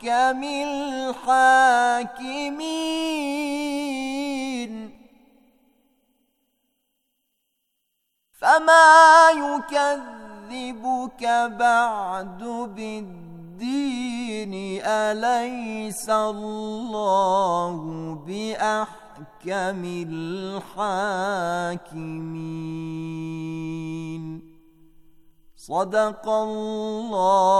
أحكم الحاكمين فما يكذبك بعد بالدين أليس الله بأحكم الحاكمين صدق الله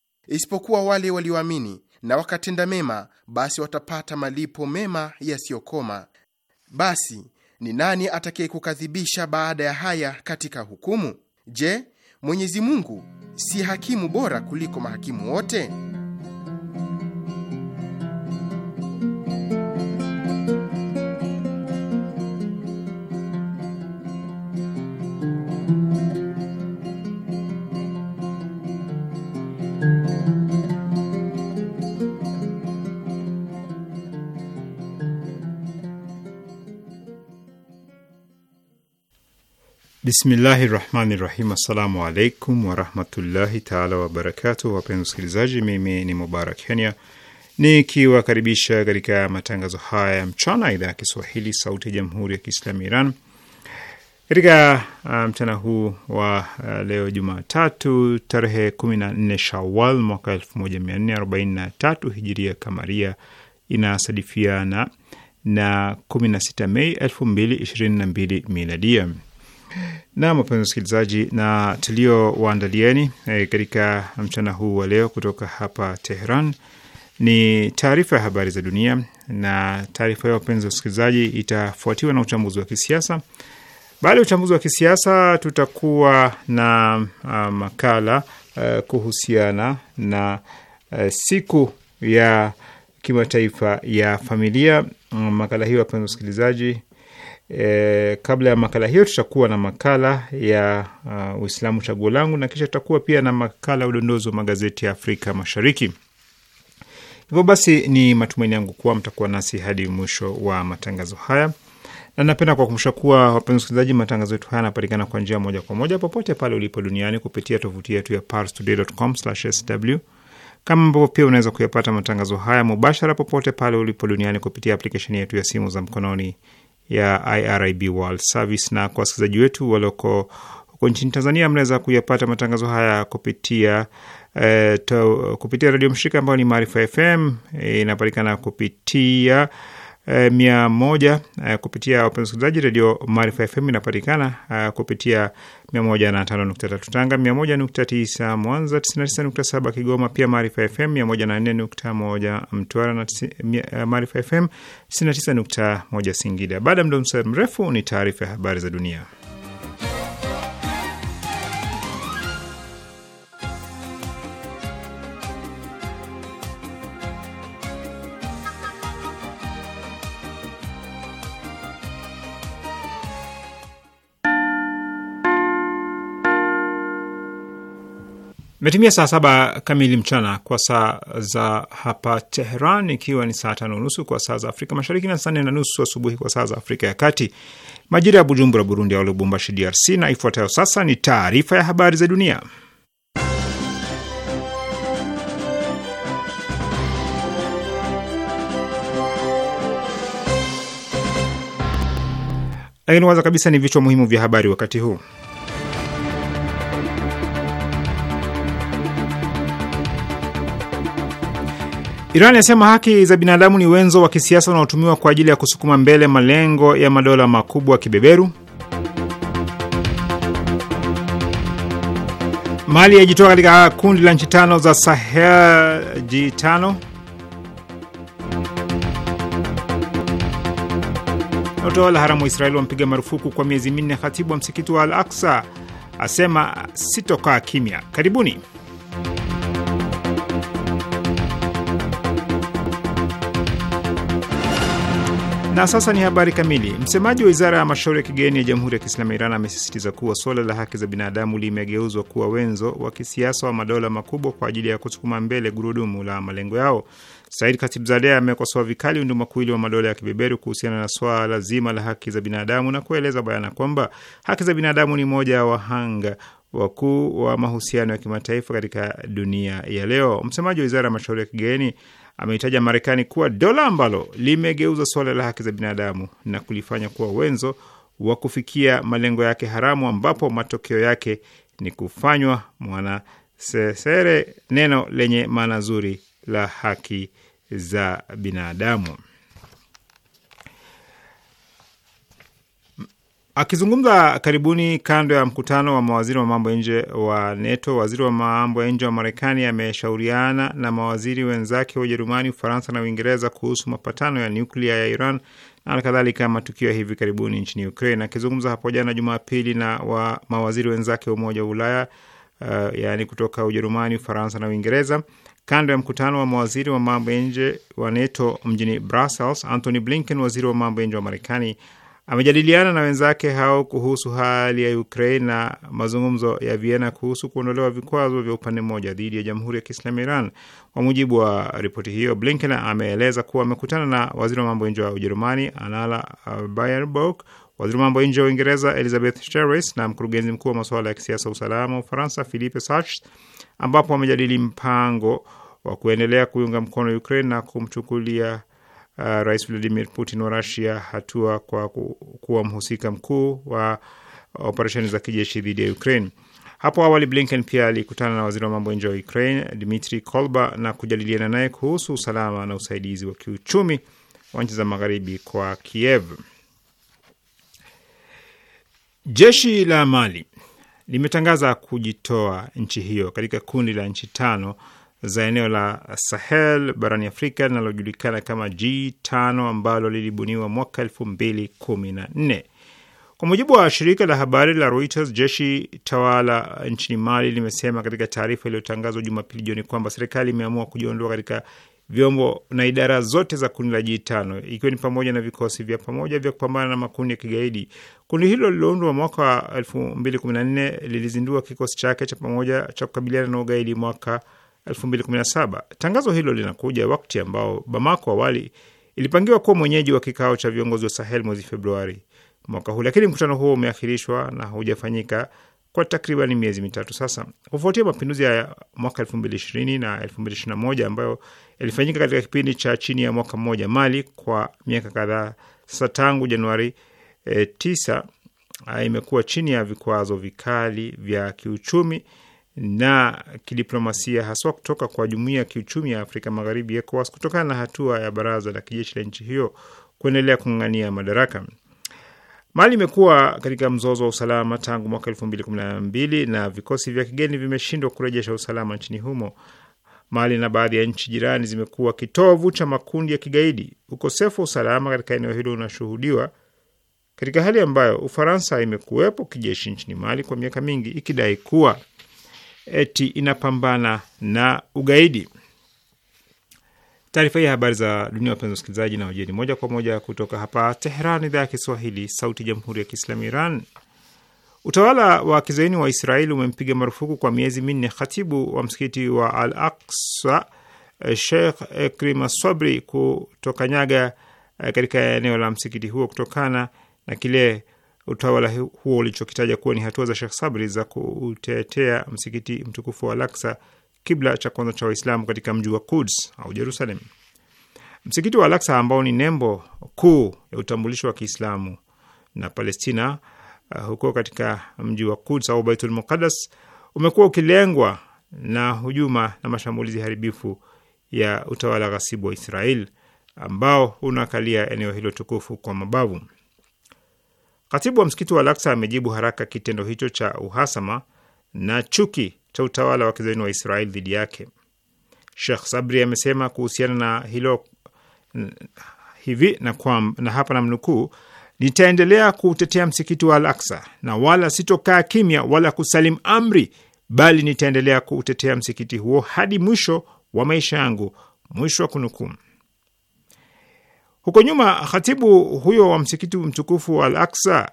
isipokuwa wale walioamini na wakatenda mema, basi watapata malipo mema yasiyokoma. Basi ni nani atakayekukadhibisha baada ya haya katika hukumu? Je, Mwenyezi Mungu si hakimu bora kuliko mahakimu wote? Bismillahi rahmani rahim. Assalamu alaikum warahmatullahi taala wabarakatu Wapenzi wasikilizaji, mimi ni Mubarak Kenya nikiwakaribisha katika matangazo haya ya mchana, idhaa ya Kiswahili sauti ya jamhuri ya Kiislamu Iran katika uh, mchana um, huu wa uh, leo Jumatatu tarehe 14 Shawal mwaka 1443 hijiria kamaria inasadifiana na 16 Mei 2022 miladia. Nam, mapenzi wasikilizaji, na tulio waandalieni e, eh, katika mchana huu wa leo kutoka hapa Tehran ni taarifa ya habari za dunia, na taarifa hiyo wapenzi wasikilizaji, itafuatiwa na uchambuzi wa kisiasa. Baada ya uchambuzi wa kisiasa, tutakuwa na uh, makala uh, kuhusiana na uh, siku ya kimataifa ya familia. Um, makala hiyo wapenzi wasikilizaji E, kabla ya makala hiyo tutakuwa na makala ya uh, Uislamu chaguo langu na kisha tutakuwa pia na makala ya udondozi wa magazeti ya Afrika Mashariki. Hivyo basi ni matumaini yangu kuwa mtakuwa nasi hadi mwisho wa matangazo haya, na napenda kuwakumbusha kuwa, wapenzi wasikilizaji, matangazo yetu haya yanapatikana kwa njia moja kwa moja popote pale ulipo duniani kupitia tovuti yetu ya parstoday.com/sw kama ambavyo pia unaweza kuyapata matangazo haya mubashara popote pale ulipo duniani kupitia aplikesheni yetu ya simu za mkononi ya IRIB World Service. Na kwa wasikilizaji wetu walioko huko nchini Tanzania, mnaweza kuyapata matangazo haya kupitia eh, to, kupitia redio mshirika ambayo ni Maarifa FM. Inapatikana eh, kupitia Eh, mia moja uh, kupitia wapenzi wasikilizaji, redio Maarifa FM inapatikana uh, kupitia mia moja na tano nukta tatu Tanga, mia moja nukta tisa Mwanza, tisini na tisa nukta saba Kigoma, pia Maarifa FM mia moja na nne nukta moja Mtwara na Maarifa FM tisini na tisa nukta moja Singida. Baada ya mdo mrefu ni taarifa ya habari za dunia. Imetimia saa saba kamili mchana kwa saa za hapa Teheran, ikiwa ni saa tano nusu kwa saa za Afrika Mashariki na saa nne na nusu asubuhi kwa saa za Afrika ya Kati, majira ya Bujumbura, Burundi, au Lubumbashi, DRC. Na ifuatayo sasa ni taarifa ya habari za dunia, lakini kwanza kabisa ni vichwa muhimu vya habari wakati huu. Iran inasema haki za binadamu ni wenzo wa kisiasa unaotumiwa kwa ajili ya kusukuma mbele malengo ya madola makubwa kibeberu. Mali yajitoa katika kundi la nchi tano za Sahel G5. Utawala haramu wa Israeli wampiga marufuku kwa miezi minne khatibu wa msikiti wa Al Aksa, asema sitokaa kimya. Karibuni. Na sasa ni habari kamili. Msemaji wa wizara ya mashauri ya kigeni ya Jamhuri ya Kiislamu ya Iran amesisitiza kuwa suala la haki za binadamu limegeuzwa kuwa wenzo wa kisiasa wa madola makubwa kwa ajili ya kusukuma mbele gurudumu la malengo yao. Said Khatibzadeh amekosoa vikali undumakuwili wa madola ya kibeberu kuhusiana na swala zima la haki za binadamu na kueleza bayana kwamba haki za binadamu ni moja ya wahanga wakuu wa mahusiano ya kimataifa katika dunia ya leo. Msemaji wa wizara ya mashauri ya kigeni ameitaja Marekani kuwa dola ambalo limegeuza suala la haki za binadamu na kulifanya kuwa wenzo wa kufikia malengo yake haramu, ambapo matokeo yake ni kufanywa mwanasesere neno lenye maana zuri la haki za binadamu. Akizungumza karibuni kando ya mkutano wa mawaziri wa mambo ya nje wa NATO, waziri wa mambo ya nje wa Marekani ameshauriana na mawaziri wenzake wa Ujerumani, Ufaransa na Uingereza kuhusu mapatano ya nyuklia ya Iran na kadhalika matukio ya hivi karibuni nchini Ukraine. Akizungumza hapo jana Jumapili na wa mawaziri wenzake wa Umoja wa Ulaya uh, yaani kutoka Ujerumani, Ufaransa na Uingereza kando ya mkutano wa mawaziri wa mambo ya nje wa NATO mjini Brussels, Antony Blinken, waziri wa mambo ya nje wa Marekani amejadiliana na wenzake hao kuhusu hali ya Ukraine na mazungumzo ya Vienna kuhusu kuondolewa vikwazo vya upande mmoja dhidi ya Jamhuri ya Kiislamu Iran. Kwa mujibu wa ripoti hiyo, Blinken ameeleza kuwa amekutana na waziri wa mambo ya nje wa Ujerumani anala Baerbock, waziri wa mambo ya nje wa Uingereza Elizabeth Sherris na mkurugenzi mkuu wa masuala ya kisiasa usalama wa Ufaransa Philippe Sachs, ambapo wamejadili mpango wa kuendelea kuiunga mkono Ukraine na kumchukulia Uh, Rais Vladimir Putin wa Rusia hatua kwa kuwa mhusika mkuu wa operesheni za kijeshi dhidi ya Ukraine. Hapo awali Blinken pia alikutana na waziri wa mambo ya nje wa Ukraine Dmitri Kolba na kujadiliana naye kuhusu usalama na usaidizi wa kiuchumi wa nchi za magharibi kwa Kiev. Jeshi la Mali limetangaza kujitoa nchi hiyo katika kundi la nchi tano za eneo la Sahel barani Afrika linalojulikana kama G5 ambalo lilibuniwa mwaka elfu mbili kumi na nne. Kwa mujibu wa shirika la habari la Reuters, jeshi tawala nchini Mali limesema katika taarifa iliyotangazwa Jumapili jioni kwamba serikali imeamua kujiondoa katika vyombo na idara zote za kundi la G5 ikiwa ni pamoja na vikosi vya pamoja vya kupambana na makundi ya kigaidi. Kundi hilo liloundwa mwaka 2014 lilizindua kikosi chake cha pamoja cha kukabiliana na ugaidi mwaka 2017. Tangazo hilo linakuja wakati ambao Bamako awali ilipangiwa kuwa mwenyeji wa kikao cha viongozi wa Sahel mwezi Februari mwaka huu, lakini mkutano huo umeahirishwa na hujafanyika kwa takriban miezi mitatu sasa, kufuatia mapinduzi ya mwaka 2020 na 2021 ambayo yalifanyika katika kipindi cha chini ya mwaka mmoja Mali kwa miaka kadhaa sasa. Tangu Januari 9 eh, e, ah, imekuwa chini ya vikwazo vikali vya kiuchumi na kidiplomasia haswa kutoka kwa jumuia ya kiuchumi ya Afrika Magharibi, ECOWAS, kutokana na hatua ya baraza la kijeshi la nchi hiyo kuendelea kung'ang'ania madaraka. Mali imekuwa katika mzozo wa usalama tangu mwaka elfu mbili kumi na mbili na vikosi vya kigeni vimeshindwa kurejesha usalama nchini humo. Mali na baadhi ya nchi jirani zimekuwa kitovu cha makundi ya kigaidi. Ukosefu wa usalama katika eneo hilo unashuhudiwa katika hali ambayo Ufaransa imekuwepo kijeshi nchini Mali kwa miaka mingi ikidai kuwa eti inapambana na ugaidi. Taarifa hii ya habari za dunia, wapenzi wasikilizaji, na wajeni moja kwa moja kutoka hapa Tehran, idhaa ya Kiswahili, sauti ya jamhuri ya kiislamu Iran. Utawala wa kizaini wa Israeli umempiga marufuku kwa miezi minne khatibu wa msikiti wa Al Aksa eh, Sheikh Ekrima kutoka nyaga eh, katika eneo la msikiti huo kutokana na kile utawala huo ulichokitaja kuwa ni hatua za Shekh Sabri za kutetea msikiti mtukufu wa Al-Aqsa, kibla cha kwanza cha Waislamu katika mji wa Kuds au Jerusalem. Msikiti wa Al-Aqsa ambao ni nembo kuu ya utambulisho wa Kiislamu na Palestina uh, huko katika mji wa Kuds au Baitul Muqaddas umekuwa ukilengwa na hujuma na mashambulizi haribifu ya utawala ghasibu wa Israel ambao unakalia eneo hilo tukufu kwa mabavu. Katibu wa msikiti wa Al-Aqsa amejibu haraka kitendo hicho cha uhasama na chuki cha utawala wa kizayuni wa Israel dhidi yake. Sheikh Sabri amesema kuhusiana na hilo hivi na, kwa, na hapa mnukuu, nitaendelea kuutetea msikiti wa Al-Aqsa na wala sitokaa kimya wala kusalim amri, bali nitaendelea kuutetea msikiti huo hadi mwisho wa maisha yangu. Mwisho wa kunukuu. Huko nyuma khatibu huyo wa msikiti mtukufu wa Al aqsa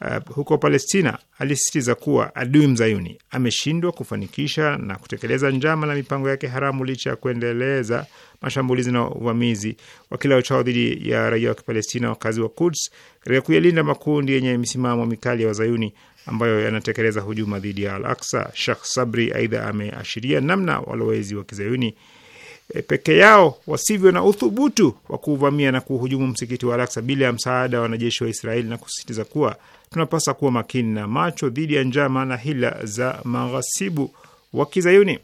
uh, huko Palestina alisisitiza kuwa adui mzayuni ameshindwa kufanikisha na kutekeleza njama na mipango yake haramu licha ya kuendeleza mashambulizi na uvamizi wa kila uchao dhidi ya raia wa Kipalestina, wakazi wa Kuds, katika kuyalinda makundi yenye misimamo mikali ya wazayuni ambayo yanatekeleza hujuma dhidi ya Al Aksa. Shekh Sabri aidha ameashiria namna walowezi wa kizayuni E, peke yao wasivyo na uthubutu wa kuuvamia na kuhujumu msikiti wa Al-Aqsa bila ya msaada wa wanajeshi wa Israeli na kusisitiza kuwa tunapasa kuwa makini na macho dhidi ya njama na hila za maghasibu wa Kizayuni.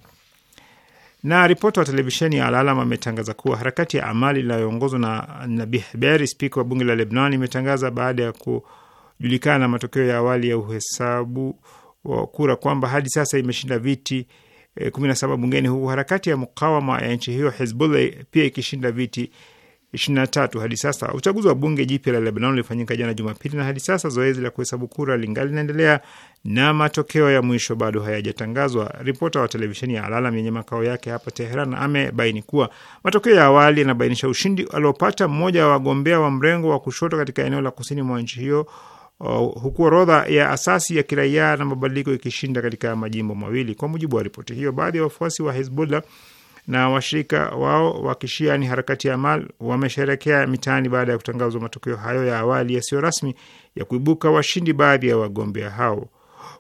Na ripota wa televisheni ya Al-Alam ametangaza kuwa harakati ya Amali inayoongozwa na Nabih Beri, spika wa bunge la Lebnan, imetangaza baada ya kujulikana matokeo ya awali ya uhesabu wa kura kwamba hadi sasa imeshinda viti 17 eh, bungeni huku harakati ya mukawama ya nchi hiyo Hezbollah pia ikishinda viti 23 hadi sasa. Uchaguzi wa bunge jipya la Lebanon ulifanyika jana Jumapili, na hadi sasa zoezi la kuhesabu kura lingali linaendelea na matokeo ya mwisho bado hayajatangazwa. Ripota wa televisheni ya Alalam yenye makao yake hapa Teheran amebaini kuwa matokeo ya awali yanabainisha ushindi aliopata mmoja wa wagombea wa mrengo wa kushoto katika eneo la kusini mwa nchi hiyo Uh, huku orodha ya asasi ya kiraia na mabadiliko ikishinda katika majimbo mawili. Kwa mujibu wa ripoti hiyo, baadhi ya wafuasi wa Hezbollah na washirika wao wa kishia ni harakati ya Amal wamesherekea mitaani baada ya kutangazwa matokeo hayo ya awali yasiyo rasmi ya kuibuka washindi baadhi ya wagombea hao.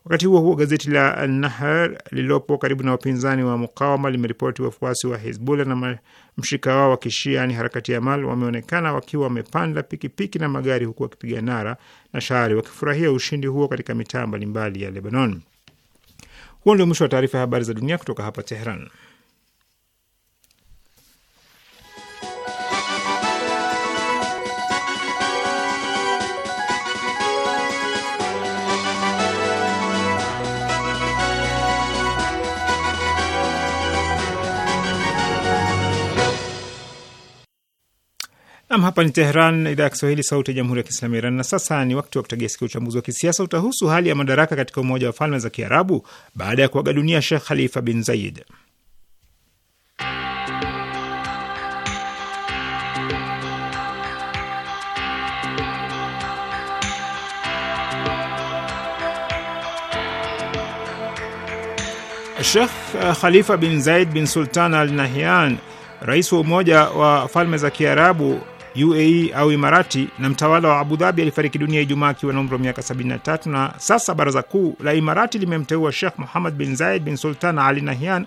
Wakati huo huo, gazeti la Nahar lililopo karibu na wapinzani wa mukawama limeripoti wafuasi wa Hezbollah na mshirika wao wa kishia, yani harakati ya Mal, wameonekana wakiwa wamepanda pikipiki na magari, huku wakipiga nara na shahari wakifurahia ushindi huo katika mitaa mbalimbali ya Lebanon. Huo ndio mwisho wa taarifa ya habari za dunia kutoka hapa teheran Nam, hapa ni Tehran, idhaa ya Kiswahili, sauti ya jamhuri ya kiislamu ya Iran. Na sasa ni wakati wa kutegea sikio. Uchambuzi wa kisiasa utahusu hali ya madaraka katika Umoja wa Falme za Kiarabu baada ya kuaga dunia Shekh Khalifa bin zaid Shekh eh, Khalifa bin Zaid bin Sultan Al Nahyan, rais wa Umoja wa Falme za Kiarabu UAE au Imarati, na mtawala wa Abu Dhabi alifariki dunia Ijumaa akiwa na umri wa miaka 73. Na sasa baraza kuu la Imarati limemteua Sheikh Muhammad bin Zayed bin Sultan Ali Nahyan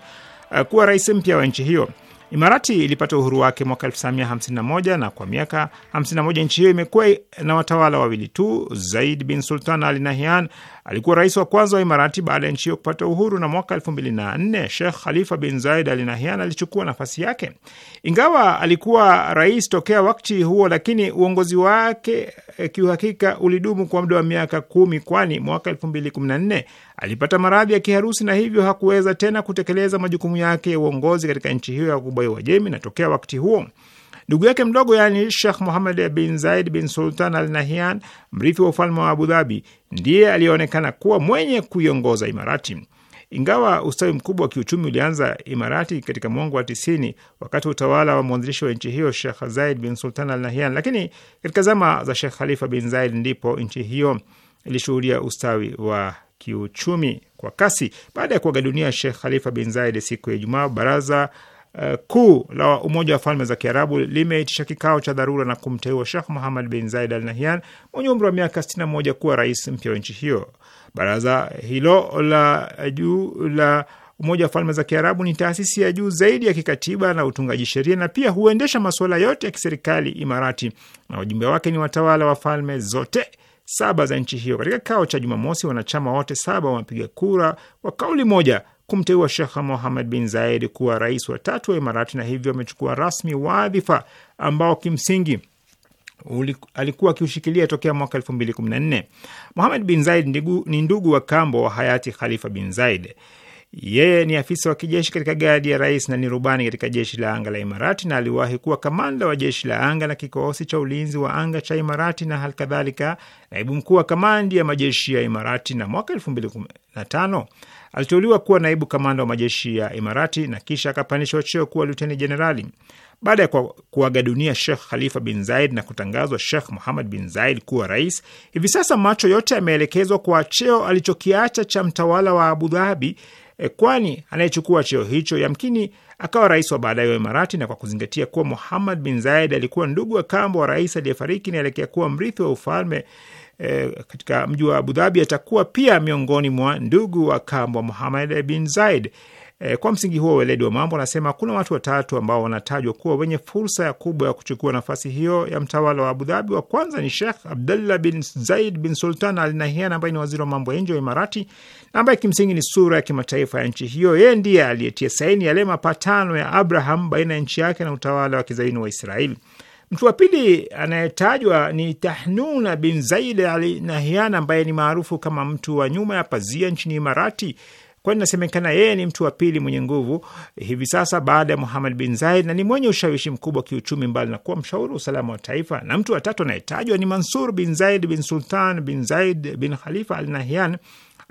uh, kuwa rais mpya wa nchi hiyo. Imarati ilipata uhuru wake mwaka 1951 na kwa miaka 51 nchi hiyo imekuwa na watawala wawili tu, Zaid bin Sultan Al Nahyan Alikuwa rais wa kwanza wa Imarati baada ya nchi hiyo kupata uhuru, na mwaka elfu mbili na nne Shekh Khalifa bin Zaid Al Nahyan alichukua nafasi yake. Ingawa alikuwa rais tokea wakati huo, lakini uongozi wake eh, kiuhakika ulidumu kwa muda wa miaka kumi, kwani mwaka elfu mbili kumi na nne alipata maradhi ya kiharusi na hivyo hakuweza tena kutekeleza majukumu yake ya uongozi katika nchi hiyo ya Ghuba ya Uajemi, na tokea wakati huo Ndugu yake mdogo yani Shekh Muhamad bin Zaid bin Sultan Al Nahyan, mrithi wa ufalme wa Abu Dhabi, ndiye aliyeonekana kuwa mwenye kuiongoza Imarati. Ingawa ustawi mkubwa wa kiuchumi ulianza Imarati katika mwongo wa tisini wakati wa utawala wa mwanzilishi wa nchi hiyo Shekh Zaid bin Sultan Al Nahyan, lakini katika zama za Shekh Khalifa bin Zaid ndipo nchi hiyo ilishuhudia ustawi wa kiuchumi kwa kasi. Baada ya kuaga dunia Shekh Khalifa bin Zaid siku ya Ijumaa, baraza Eh, kuu la Umoja wa Falme za Kiarabu limeitisha kikao cha dharura na kumteua Shekh Muhamad bin Zaid Al Nahyan mwenye umri wa miaka 61 kuwa rais mpya wa nchi hiyo. Baraza hilo la juu la Umoja wa Falme za Kiarabu ni taasisi ya juu zaidi ya kikatiba na utungaji sheria na pia huendesha masuala yote ya kiserikali Imarati, na wajumbe wake ni watawala wa falme zote saba za nchi hiyo. Katika kikao cha Jumamosi, wanachama wote saba wamepiga kura kwa kauli moja kumteua Shekh Mohamed bin Zayed kuwa rais wa tatu wa Imarati na hivyo amechukua rasmi wadhifa ambao kimsingi Uli, alikuwa akiushikilia tokea mwaka elfu mbili kumi na nne. Mohamed bin Zaid ni ndugu wa kambo wa hayati Khalifa bin Zaid. Yeye ni afisa wa kijeshi katika gadi ya rais na ni rubani katika jeshi la anga la Imarati na aliwahi kuwa kamanda wa jeshi la anga na kikosi cha ulinzi wa anga cha Imarati na halikadhalika naibu mkuu wa kamandi ya majeshi ya Imarati na mwaka elfu mbili kumi na tano Aliteuliwa kuwa naibu kamanda wa majeshi ya Imarati na kisha akapandishwa cheo kuwa luteni jenerali. Baada ya kuaga dunia Shekh Khalifa bin Zaid na kutangazwa Shekh Muhammad bin Zaid kuwa rais, hivi sasa macho yote yameelekezwa kwa cheo alichokiacha cha mtawala wa Abu Dhabi, eh, kwani anayechukua cheo hicho yamkini akawa rais wa baadaye wa Imarati. Na kwa kuzingatia kuwa Muhammad bin Zaid alikuwa ndugu wa kambo wa rais aliyefariki, naelekea kuwa mrithi wa ufalme Eh, katika mji wa Abu Dhabi atakuwa pia miongoni mwa ndugu wa kambo Muhammad bin Zaid. Eh, kwa msingi huo weledi wa mambo anasema kuna watu watatu ambao wanatajwa kuwa wenye fursa ya kubwa ya kuchukua nafasi hiyo ya mtawala wa Abu Dhabi. Wa kwanza ni Sheikh Abdullah bin Zaid bin Sultan Al Nahyan ambaye ni waziri wa mambo ya nje wa Imarati na ambaye kimsingi ni sura ya kimataifa ya nchi hiyo. Yeye ndiye aliyetia saini yale mapatano ya Abraham baina ya nchi yake na utawala wa kizaini wa Israeli. Mtu wa pili anayetajwa ni Tahnuna bin Zaid Al Nahyan ambaye ni maarufu kama mtu wa nyuma ya pazia nchini Imarati, kwani inasemekana yeye ni mtu wa pili mwenye nguvu hivi sasa baada ya Muhammad bin Zaid na ni mwenye ushawishi mkubwa wa kiuchumi, mbali na kuwa mshauri wa usalama wa taifa. Na mtu wa tatu anayetajwa ni Mansur bin Zaid bin Sultan bin Zaid bin Khalifa Al Nahyan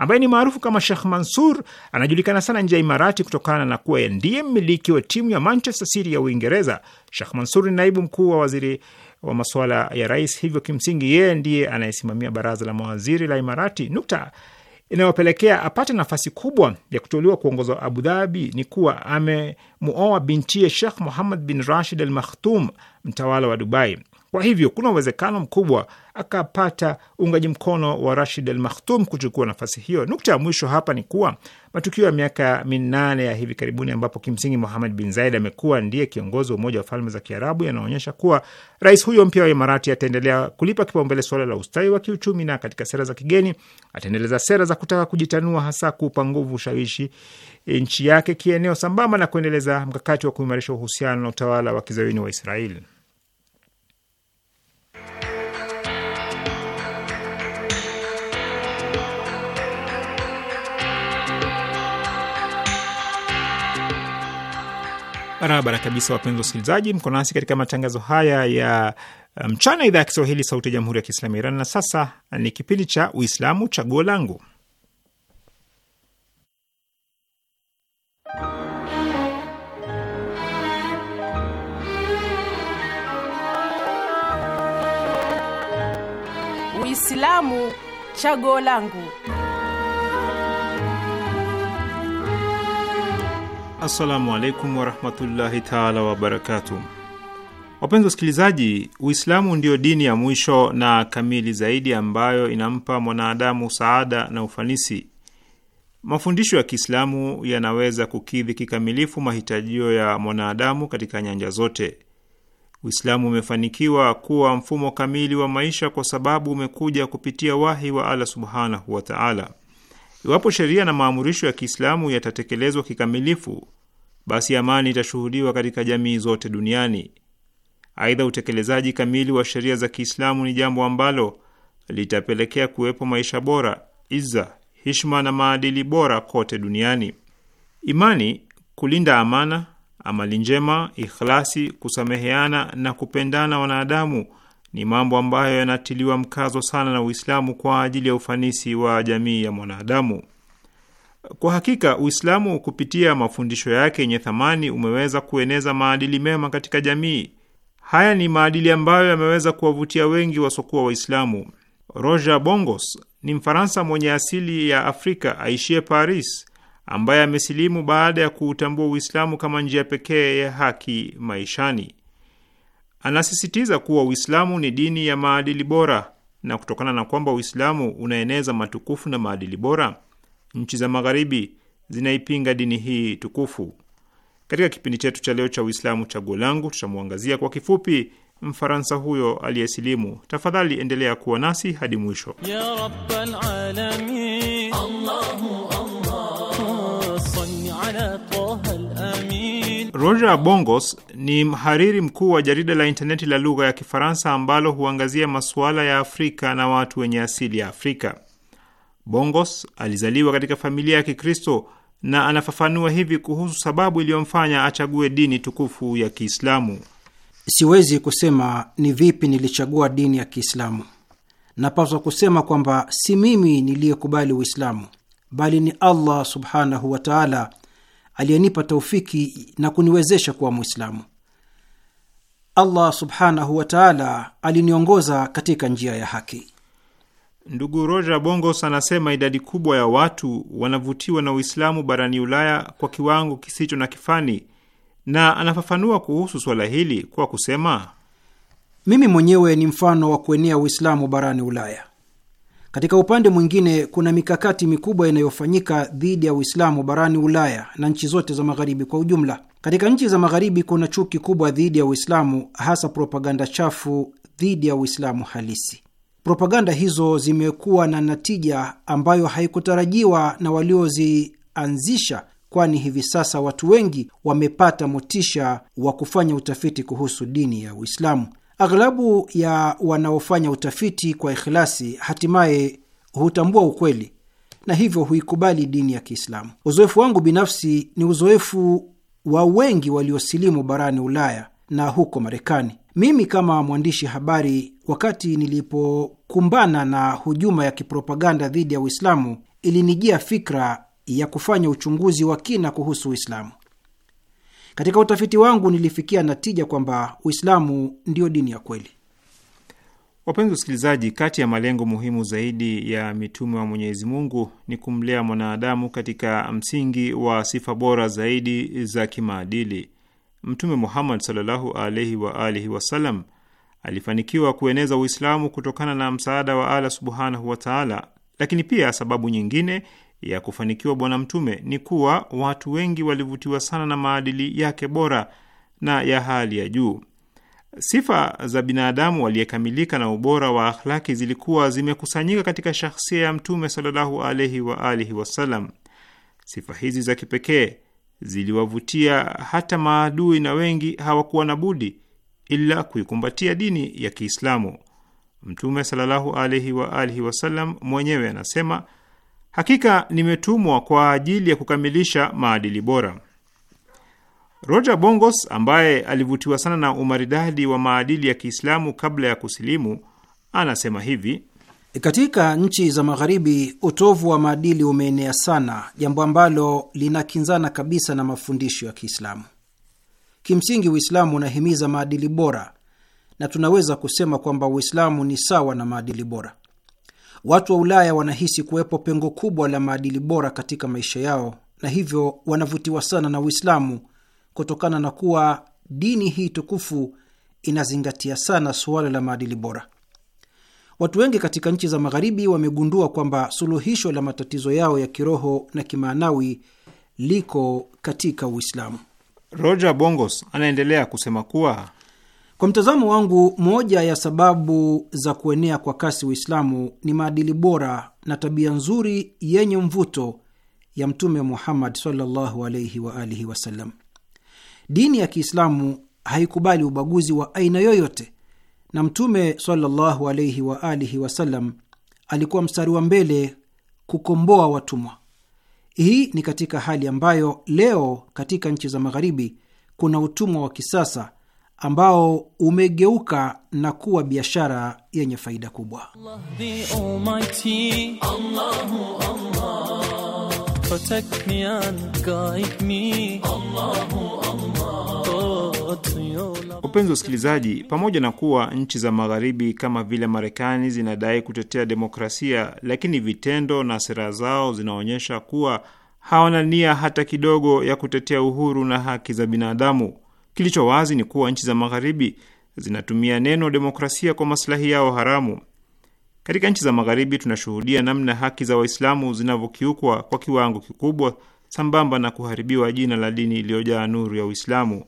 ambaye ni maarufu kama Sheikh Mansur anajulikana sana nje ya Imarati kutokana na kuwa ndiye mmiliki wa timu ya Manchester City ya Uingereza. Sheikh Mansur ni naibu mkuu wa waziri wa masuala ya rais, hivyo kimsingi yeye ndiye anayesimamia baraza la mawaziri la Imarati. Nukta inayopelekea apate nafasi kubwa ya kuteuliwa kuongoza Abu Dhabi ni kuwa amemuoa bintiye Sheikh Muhammad bin Rashid Al Makhtum, mtawala wa Dubai. Kwa hivyo kuna uwezekano mkubwa akapata uungaji mkono wa Rashid Al Makhtum kuchukua nafasi hiyo. Nukta ya mwisho hapa ni kuwa matukio ya miaka minane ya hivi karibuni, ambapo kimsingi muhamad bin Zaid amekuwa ndiye kiongozi wa Umoja wa Falme za Kiarabu, yanaonyesha kuwa rais huyo mpya wa Imarati ataendelea kulipa kipaumbele suala la ustawi wa kiuchumi, na katika sera za kigeni ataendeleza sera za kutaka kujitanua, hasa kuupa nguvu ushawishi e, nchi yake kieneo, sambamba na kuendeleza mkakati wa kuimarisha uhusiano na utawala wa kizawini wa Israeli. Barabara kabisa, wapenzi wasikilizaji, mko nasi katika matangazo haya ya um, mchana, idhaa ya Kiswahili sauti ya jamhuri ya kiislamu ya Iran. Na sasa ni kipindi cha Uislamu chaguo langu. Uislamu chaguo langu. Assalamu alaikum warahmatullahi taala wabarakatu. Wapenzi wasikilizaji, Uislamu ndiyo dini ya mwisho na kamili zaidi ambayo inampa mwanadamu saada na ufanisi. Mafundisho ya Kiislamu yanaweza kukidhi kikamilifu mahitajio ya mwanadamu katika nyanja zote. Uislamu umefanikiwa kuwa mfumo kamili wa maisha kwa sababu umekuja kupitia wahi wa Allah subhanahu wa taala. Iwapo sheria na maamurisho ya Kiislamu yatatekelezwa kikamilifu, basi amani itashuhudiwa katika jamii zote duniani. Aidha, utekelezaji kamili wa sheria za Kiislamu ni jambo ambalo litapelekea kuwepo maisha bora, iza hishma na maadili bora kote duniani. Imani, kulinda amana, amali njema, ikhlasi, kusameheana na kupendana wanadamu ni mambo ambayo yanatiliwa mkazo sana na Uislamu kwa ajili ya ufanisi wa jamii ya mwanadamu. Kwa hakika Uislamu kupitia mafundisho yake yenye thamani umeweza kueneza maadili mema katika jamii. Haya ni maadili ambayo yameweza kuwavutia wengi wasokuwa Waislamu. Roger Bongos ni Mfaransa mwenye asili ya Afrika aishie Paris, ambaye amesilimu baada ya kuutambua Uislamu kama njia pekee ya haki maishani. Anasisitiza kuwa Uislamu ni dini ya maadili bora, na kutokana na kwamba Uislamu unaeneza matukufu na maadili bora, nchi za Magharibi zinaipinga dini hii tukufu. Katika kipindi chetu cha leo cha Uislamu chaguo langu, tutamwangazia kwa kifupi Mfaransa huyo aliyesilimu. Tafadhali endelea kuwa nasi hadi mwisho ya Roger Bongos ni mhariri mkuu wa jarida la intaneti la lugha ya Kifaransa ambalo huangazia masuala ya Afrika na watu wenye asili ya Afrika. Bongos alizaliwa katika familia ya Kikristo na anafafanua hivi kuhusu sababu iliyomfanya achague dini tukufu ya Kiislamu. Siwezi kusema ni vipi nilichagua dini ya Kiislamu. Napaswa kusema kwamba si mimi niliyekubali Uislamu, bali ni Allah subhanahu wa taala aliyenipa taufiki na kuniwezesha kuwa Mwislamu. Allah subhanahu wa taala aliniongoza katika njia ya haki. Ndugu Roja Bongos anasema idadi kubwa ya watu wanavutiwa na Uislamu barani Ulaya kwa kiwango kisicho na kifani, na anafafanua kuhusu suala hili kwa kusema, mimi mwenyewe ni mfano wa kuenea Uislamu barani Ulaya. Katika upande mwingine, kuna mikakati mikubwa inayofanyika dhidi ya Uislamu barani Ulaya na nchi zote za magharibi kwa ujumla. Katika nchi za magharibi kuna chuki kubwa dhidi ya Uislamu, hasa propaganda chafu dhidi ya Uislamu halisi. Propaganda hizo zimekuwa na natija ambayo haikutarajiwa na waliozianzisha, kwani hivi sasa watu wengi wamepata motisha wa kufanya utafiti kuhusu dini ya Uislamu. Aghlabu ya wanaofanya utafiti kwa ikhlasi hatimaye hutambua ukweli na hivyo huikubali dini ya Kiislamu. Uzoefu wangu binafsi ni uzoefu wa wengi waliosilimu barani Ulaya na huko Marekani. Mimi kama mwandishi habari, wakati nilipokumbana na hujuma ya kipropaganda dhidi ya Uislamu, ilinijia fikra ya kufanya uchunguzi wa kina kuhusu Uislamu. Katika utafiti wangu nilifikia natija kwamba Uislamu ndiyo dini ya kweli. Wapenzi wasikilizaji, kati ya malengo muhimu zaidi ya mitume wa Mwenyezi Mungu ni kumlea mwanadamu katika msingi wa sifa bora zaidi za kimaadili. Mtume Muhammad sallallahu alaihi wa alihi wasallam alifanikiwa kueneza Uislamu kutokana na msaada wa Allah subhanahu wataala lakini pia sababu nyingine ya kufanikiwa Bwana Mtume ni kuwa watu wengi walivutiwa sana na maadili yake bora na ya hali ya juu. Sifa za binadamu waliyekamilika na ubora wa akhlaki zilikuwa zimekusanyika katika shahsia ya Mtume sallallahu alaihi wa alihi wasallam. Sifa hizi za kipekee ziliwavutia hata maadui na wengi hawakuwa na budi ila kuikumbatia dini ya Kiislamu. Mtume sallallahu alaihi wa alihi wasallam mwenyewe anasema Hakika nimetumwa kwa ajili ya kukamilisha maadili bora. Roger Bongos ambaye alivutiwa sana na umaridadi wa maadili ya Kiislamu kabla ya kusilimu anasema hivi: katika nchi za Magharibi utovu wa maadili umeenea sana, jambo ambalo linakinzana kabisa na mafundisho ya Kiislamu. Kimsingi, Uislamu unahimiza maadili bora na tunaweza kusema kwamba Uislamu ni sawa na maadili bora. Watu wa Ulaya wanahisi kuwepo pengo kubwa la maadili bora katika maisha yao, na hivyo wanavutiwa sana na Uislamu kutokana na kuwa dini hii tukufu inazingatia sana suala la maadili bora. Watu wengi katika nchi za Magharibi wamegundua kwamba suluhisho la matatizo yao ya kiroho na kimaanawi liko katika Uislamu. Roger Bongos anaendelea kusema kuwa kwa mtazamo wangu, moja ya sababu za kuenea kwa kasi Uislamu ni maadili bora na tabia nzuri yenye mvuto ya Mtume Muhammad sallallahu alaihi wa alihi wasallam. Dini ya Kiislamu haikubali ubaguzi wa aina yoyote, na Mtume sallallahu alaihi wa alihi wasallam alikuwa mstari wa mbele kukomboa watumwa. Hii ni katika hali ambayo leo katika nchi za Magharibi kuna utumwa wa kisasa ambao umegeuka na kuwa biashara yenye faida kubwa. Upenzi wa usikilizaji, pamoja na kuwa nchi za magharibi kama vile Marekani zinadai kutetea demokrasia, lakini vitendo na sera zao zinaonyesha kuwa hawana nia hata kidogo ya kutetea uhuru na haki za binadamu. Kilicho wazi ni kuwa nchi za Magharibi zinatumia neno demokrasia kwa maslahi yao haramu. Katika nchi za Magharibi tunashuhudia namna haki za Waislamu zinavyokiukwa kwa kiwango kikubwa, sambamba na kuharibiwa jina la dini iliyojaa nuru ya Uislamu.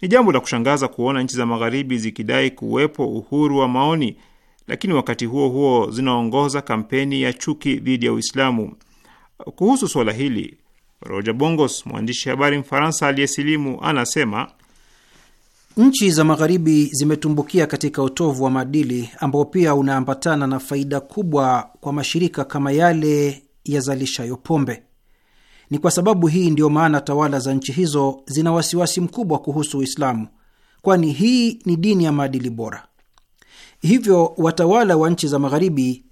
Ni jambo la kushangaza kuona nchi za Magharibi zikidai kuwepo uhuru wa maoni, lakini wakati huo huo zinaongoza kampeni ya chuki dhidi ya Uislamu. Kuhusu suala hili, Roger Bongos, mwandishi habari Mfaransa aliyesilimu, anasema Nchi za magharibi zimetumbukia katika utovu wa maadili ambao pia unaambatana na faida kubwa kwa mashirika kama yale yazalishayo pombe. Ni kwa sababu hii ndiyo maana tawala za nchi hizo zina wasiwasi mkubwa kuhusu Uislamu, kwani hii ni dini ya maadili bora. Hivyo watawala wa nchi za magharibi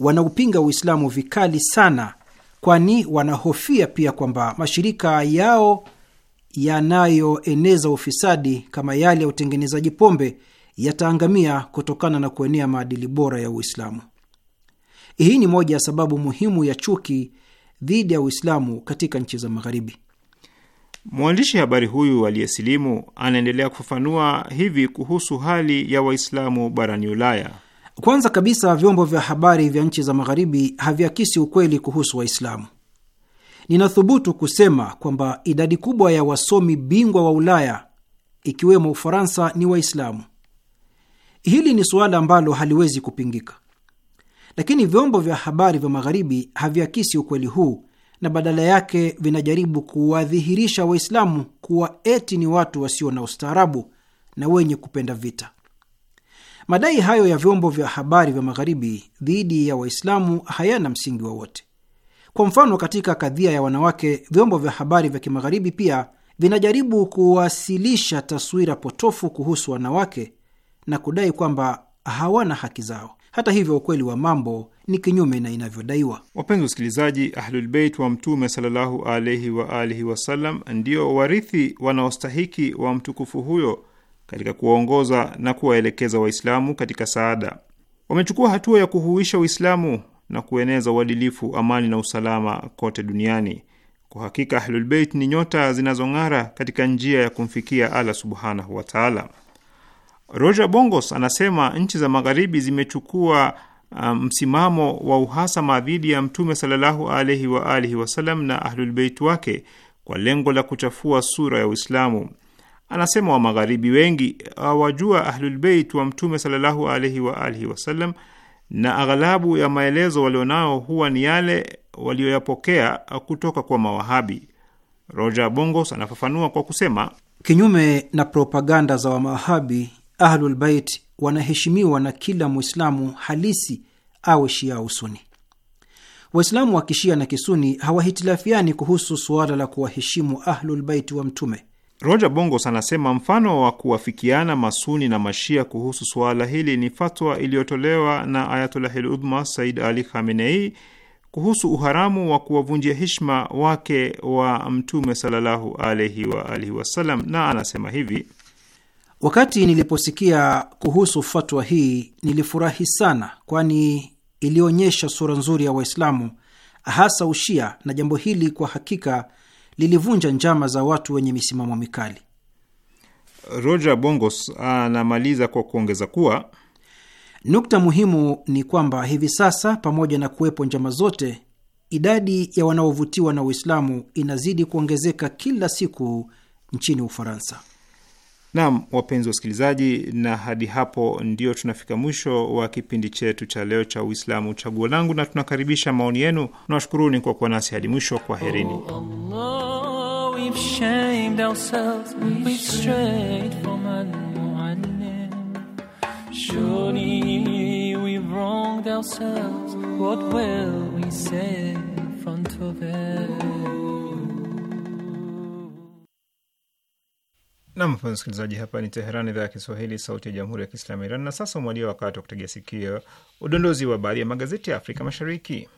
wanaupinga Uislamu vikali sana, kwani wanahofia pia kwamba mashirika yao yanayoeneza ufisadi kama yale ya utengenezaji pombe yataangamia kutokana na kuenea maadili bora ya Uislamu. Hii ni moja ya sababu muhimu ya chuki dhidi ya Uislamu katika nchi za Magharibi. Mwandishi habari huyu aliyesilimu anaendelea kufafanua hivi kuhusu hali ya Waislamu barani Ulaya. Kwanza kabisa, vyombo vya habari vya nchi za Magharibi haviakisi ukweli kuhusu Waislamu. Ninathubutu kusema kwamba idadi kubwa ya wasomi bingwa wa Ulaya ikiwemo Ufaransa ni Waislamu. Hili ni suala ambalo haliwezi kupingika, lakini vyombo vya habari vya Magharibi haviakisi ukweli huu na badala yake vinajaribu kuwadhihirisha Waislamu kuwa eti ni watu wasio na ustaarabu na wenye kupenda vita. Madai hayo ya vyombo vya habari vya Magharibi dhidi ya Waislamu hayana msingi wowote. Kwa mfano, katika kadhia ya wanawake, vyombo vya habari vya kimagharibi pia vinajaribu kuwasilisha taswira potofu kuhusu wanawake na kudai kwamba hawana haki zao. Hata hivyo, ukweli wa mambo ni kinyume na inavyodaiwa. Wapenzi wasikilizaji, Ahlulbeit wa Mtume sallallahu alaihi wa alihi wasallam ndio warithi wanaostahiki wa mtukufu huyo katika kuwaongoza na kuwaelekeza Waislamu katika saada. Wamechukua hatua ya kuhuisha Uislamu na kueneza uadilifu, amani na usalama kote duniani. Kwa hakika Ahlulbeit ni nyota zinazong'ara katika njia ya kumfikia Allah subhanahu wataala. Roger Bongos anasema nchi za magharibi zimechukua um, msimamo wa uhasama dhidi ya Mtume sallallahu alaihi wa alihi wasallam na Ahlulbeit wake kwa lengo la kuchafua sura ya Uislamu. Anasema wa magharibi wengi hawajua Ahlulbeit wa Mtume sallallahu alaihi wa alihi wasallam na aghalabu ya maelezo walionao huwa ni yale walioyapokea kutoka kwa Mawahabi. Roger Bongos anafafanua kwa kusema, kinyume na propaganda za Wamawahabi, Ahlulbait wanaheshimiwa na kila Mwislamu halisi awe Shia au Suni. Waislamu wa Kishia na Kisuni hawahitilafiani kuhusu suala la kuwaheshimu Ahlulbaiti wa Mtume Roger Bongos anasema mfano wa kuwafikiana masuni na mashia kuhusu suala hili ni fatwa iliyotolewa na Ayatullahil Udhma Said Ali Khamenei kuhusu uharamu wa kuwavunjia heshima wake wa Mtume sallallahu alaihi wa alihi wasallam, na anasema hivi: wakati niliposikia kuhusu fatwa hii nilifurahi sana, kwani ilionyesha sura nzuri ya Waislamu hasa Ushia, na jambo hili kwa hakika lilivunja njama za watu wenye misimamo mikali. Roger Bongos anamaliza kwa kuongeza kuwa nukta muhimu ni kwamba hivi sasa, pamoja na kuwepo njama zote, idadi ya wanaovutiwa na Uislamu inazidi kuongezeka kila siku nchini Ufaransa. Naam, wapenzi wasikilizaji, na hadi hapo ndio tunafika mwisho wa kipindi chetu cha leo cha Uislamu Chaguo Langu, na tunakaribisha maoni yenu. Nawashukuruni kwa kuwa nasi hadi mwisho. Kwa herini. Oh Allah, Nam mpenzi msikilizaji, hapa ni Teherani, idhaa ya Kiswahili, sauti ya jamhuri ya kiislamu ya Iran. Na sasa umewadia wakati wa kutegea sikio udondozi wa baadhi ya magazeti ya Afrika Mashariki.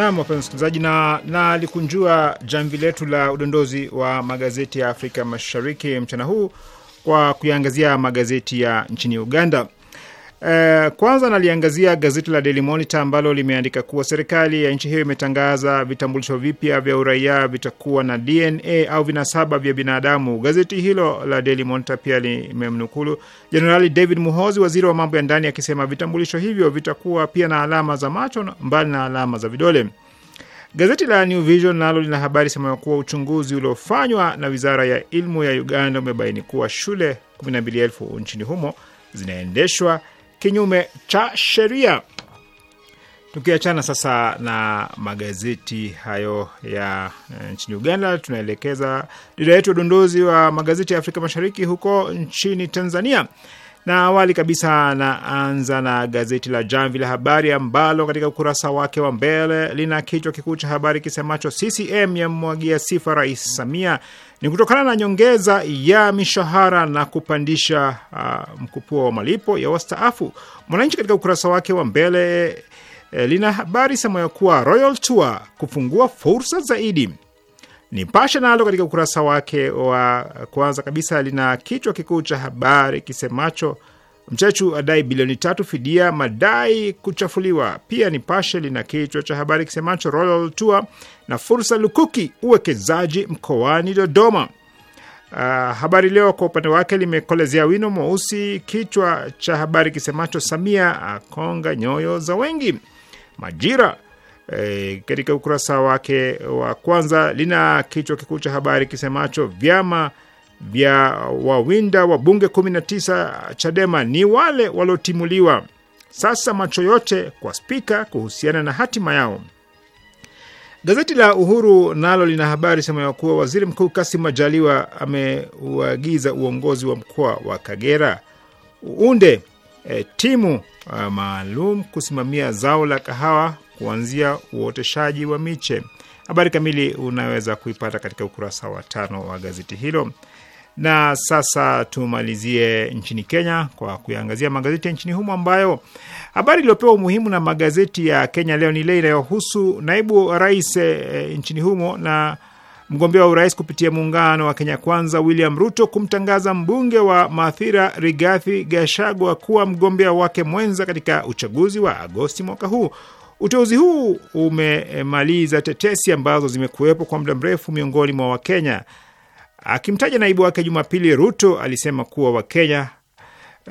Nam, wapenzi msikilizaji, na nalikunjua jamvi letu la udondozi wa magazeti ya Afrika Mashariki mchana huu kwa kuiangazia magazeti ya nchini Uganda. Eh, kwanza naliangazia gazeti la Daily Monitor ambalo limeandika kuwa serikali ya nchi hiyo imetangaza vitambulisho vipya vya uraia vitakuwa na DNA au vinasaba vya binadamu. Gazeti hilo la Daily Monitor pia limemnukulu Jenerali David Muhozi, waziri wa mambo ya ndani, akisema vitambulisho hivyo vitakuwa pia na alama za macho mbali na alama za vidole. Gazeti la New Vision nalo lina habari sema kuwa uchunguzi uliofanywa na wizara ya elimu ya Uganda umebaini kuwa shule 12,000 nchini humo zinaendeshwa kinyume cha sheria. Tukiachana sasa na magazeti hayo ya eh, nchini Uganda, tunaelekeza dira yetu ya udondozi wa magazeti ya Afrika Mashariki huko nchini Tanzania, na awali kabisa anaanza na gazeti la Jamvi la Habari ambalo katika ukurasa wake wa mbele lina kichwa kikuu cha habari kisemacho CCM yamwagia sifa Rais Samia ni kutokana na nyongeza ya mishahara na kupandisha uh, mkupuo wa malipo ya wastaafu. Mwananchi katika ukurasa wake wa mbele eh, lina habari sema ya kuwa Royal Tour kufungua fursa zaidi. Nipashe nalo katika ukurasa wake wa kwanza kabisa lina kichwa kikuu cha habari kisemacho Mchechu adai bilioni tatu fidia madai kuchafuliwa. Pia Nipashe lina kichwa cha habari kisemacho Royal Tour na fursa lukuki uwekezaji mkoani Dodoma. Uh, Habari Leo kwa upande wake limekolezea wino mweusi kichwa cha habari kisemacho Samia akonga nyoyo za wengi. Majira eh, katika ukurasa wake wa kwanza lina kichwa kikuu cha habari kisemacho vyama vya wawinda wa bunge 19 Chadema ni wale waliotimuliwa. Sasa macho yote kwa spika kuhusiana na hatima yao. Gazeti la Uhuru nalo lina habari semayo kuwa waziri mkuu Kasim Majaliwa ameuagiza uongozi wa mkoa wa Kagera uunde e, timu e, maalum kusimamia zao la kahawa kuanzia uoteshaji wa miche. Habari kamili unaweza kuipata katika ukurasa wa tano wa gazeti hilo. Na sasa tumalizie nchini Kenya kwa kuyaangazia magazeti ya nchini humo, ambayo habari iliyopewa umuhimu na magazeti ya Kenya leo ni ile inayohusu naibu wa rais e, nchini humo na mgombea wa urais kupitia muungano wa Kenya Kwanza William Ruto kumtangaza mbunge wa Mathira Rigathi gashagwa kuwa mgombea wake mwenza katika uchaguzi wa Agosti mwaka huu. Uteuzi huu umemaliza tetesi ambazo zimekuwepo kwa muda mrefu miongoni mwa Wakenya. Akimtaja naibu wake Jumapili, Ruto alisema kuwa Wakenya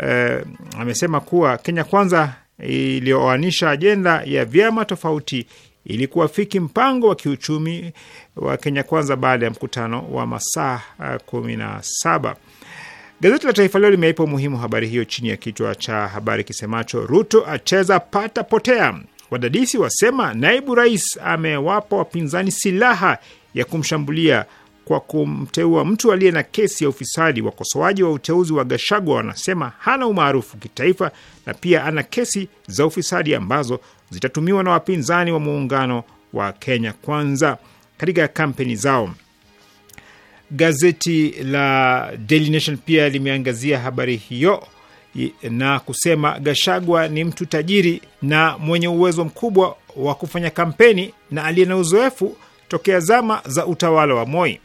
eh, amesema kuwa Kenya Kwanza iliyoanisha ajenda ya vyama tofauti ili kuwafiki mpango wa kiuchumi wa Kenya Kwanza baada ya mkutano wa masaa eh, kumi na saba. Gazeti la Taifa Leo limeipa umuhimu habari hiyo chini ya kichwa cha habari kisemacho Ruto acheza pata potea, wadadisi wasema naibu rais amewapa wapinzani silaha ya kumshambulia kwa kumteua mtu aliye na kesi ya ufisadi. Wakosoaji wa uteuzi wa Gashagwa wanasema hana umaarufu kitaifa na pia ana kesi za ufisadi ambazo zitatumiwa na wapinzani wa muungano wa Kenya Kwanza katika kampeni zao. Gazeti la Daily Nation pia limeangazia habari hiyo na kusema Gashagwa ni mtu tajiri na mwenye uwezo mkubwa wa kufanya kampeni na aliye na uzoefu tokea zama za utawala wa Moi.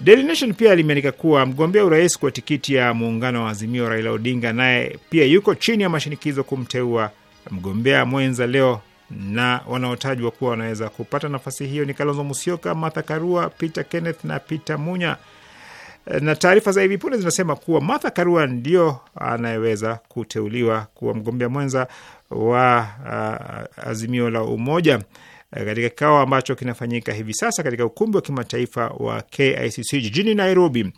Daily Nation pia limeandika kuwa mgombea urais kwa tikiti ya muungano wa Azimio Raila Odinga naye pia yuko chini ya mashinikizo kumteua mgombea mwenza leo, na wanaotajwa kuwa wanaweza kupata nafasi hiyo ni Kalonzo Musyoka, Martha Karua, Peter Kenneth na Peter Munya. Na taarifa za hivi punde zinasema kuwa Martha Karua ndio anayeweza kuteuliwa kuwa mgombea mwenza wa uh, Azimio la Umoja. Eh, katika kikao ambacho kinafanyika hivi sasa katika ukumbi wa kimataifa wa KICC jijini Nairobi.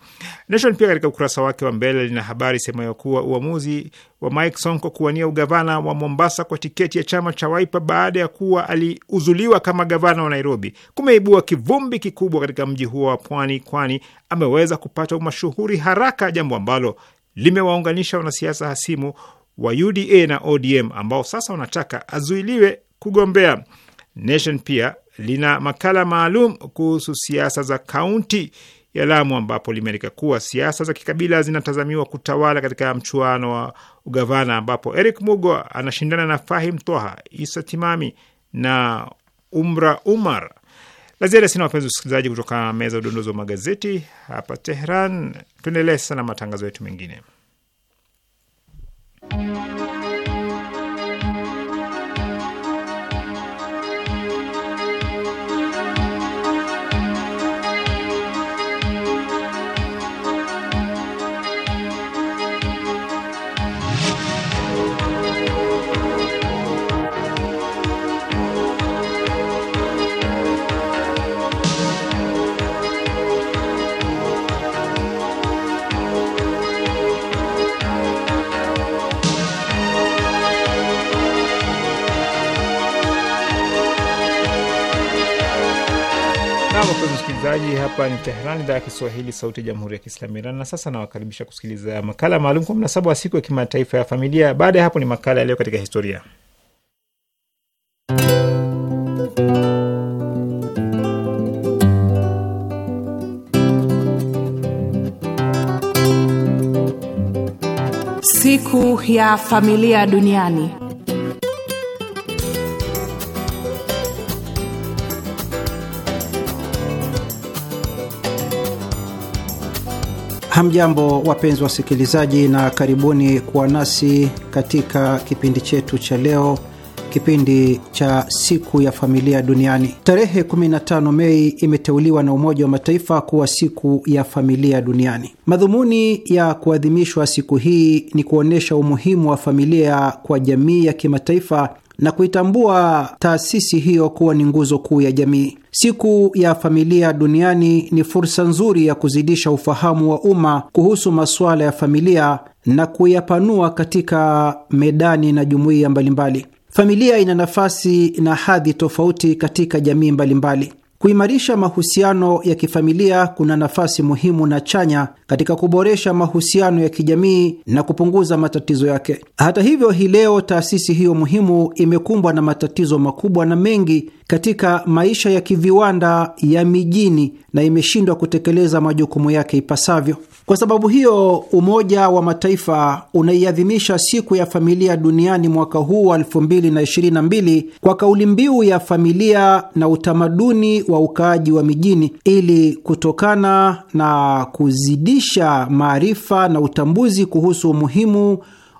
Nation pia katika ukurasa wake wa mbele lina habari semayo kuwa uamuzi wa Mike Sonko kuwania ugavana wa Mombasa kwa tiketi ya chama cha Wiper baada ya kuwa aliuzuliwa kama gavana wa Nairobi kumeibua kivumbi kikubwa katika mji huo wa pwani, kwani ameweza kupata umashuhuri haraka, jambo ambalo limewaunganisha wanasiasa hasimu wa UDA na ODM ambao sasa wanataka azuiliwe kugombea. Nation pia lina makala maalum kuhusu siasa za kaunti ya Lamu ambapo limeandika kuwa siasa za kikabila zinatazamiwa kutawala katika mchuano wa ugavana ambapo Eric Mugo anashindana na Fahim Toha, Isa Timami na Umra Umar. La ziada sina, wapenzi wasikilizaji, kutoka meza udondozi wa magazeti hapa Tehran. Tuendelee sana matangazo yetu mengine. Hapa ni Teheran, idhaa ya Kiswahili, sauti ya jamhuri ya kiislamu Iran. Na sasa nawakaribisha kusikiliza makala maalum kwa mnasaba wa siku ya kimataifa ya familia. Baada ya hapo ni makala yaliyo katika historia. Siku ya familia duniani. Hamjambo, wapenzi wasikilizaji, na karibuni kuwa nasi katika kipindi chetu cha leo, kipindi cha siku ya familia duniani. Tarehe 15 Mei imeteuliwa na Umoja wa Mataifa kuwa siku ya familia duniani. Madhumuni ya kuadhimishwa siku hii ni kuonyesha umuhimu wa familia kwa jamii ya kimataifa na kuitambua taasisi hiyo kuwa ni nguzo kuu ya jamii. Siku ya familia duniani ni fursa nzuri ya kuzidisha ufahamu wa umma kuhusu masuala ya familia na kuyapanua katika medani na jumuiya mbalimbali. Familia ina nafasi na hadhi tofauti katika jamii mbalimbali mbali. Kuimarisha mahusiano ya kifamilia kuna nafasi muhimu na chanya katika kuboresha mahusiano ya kijamii na kupunguza matatizo yake. Hata hivyo, hii leo taasisi hiyo muhimu imekumbwa na matatizo makubwa na mengi katika maisha ya kiviwanda ya mijini na imeshindwa kutekeleza majukumu yake ipasavyo. Kwa sababu hiyo, Umoja wa Mataifa unaiadhimisha siku ya familia duniani mwaka huu wa 2022 kwa kauli mbiu ya familia na utamaduni wa ukaaji wa mijini, ili kutokana na kuzidisha maarifa na utambuzi kuhusu umuhimu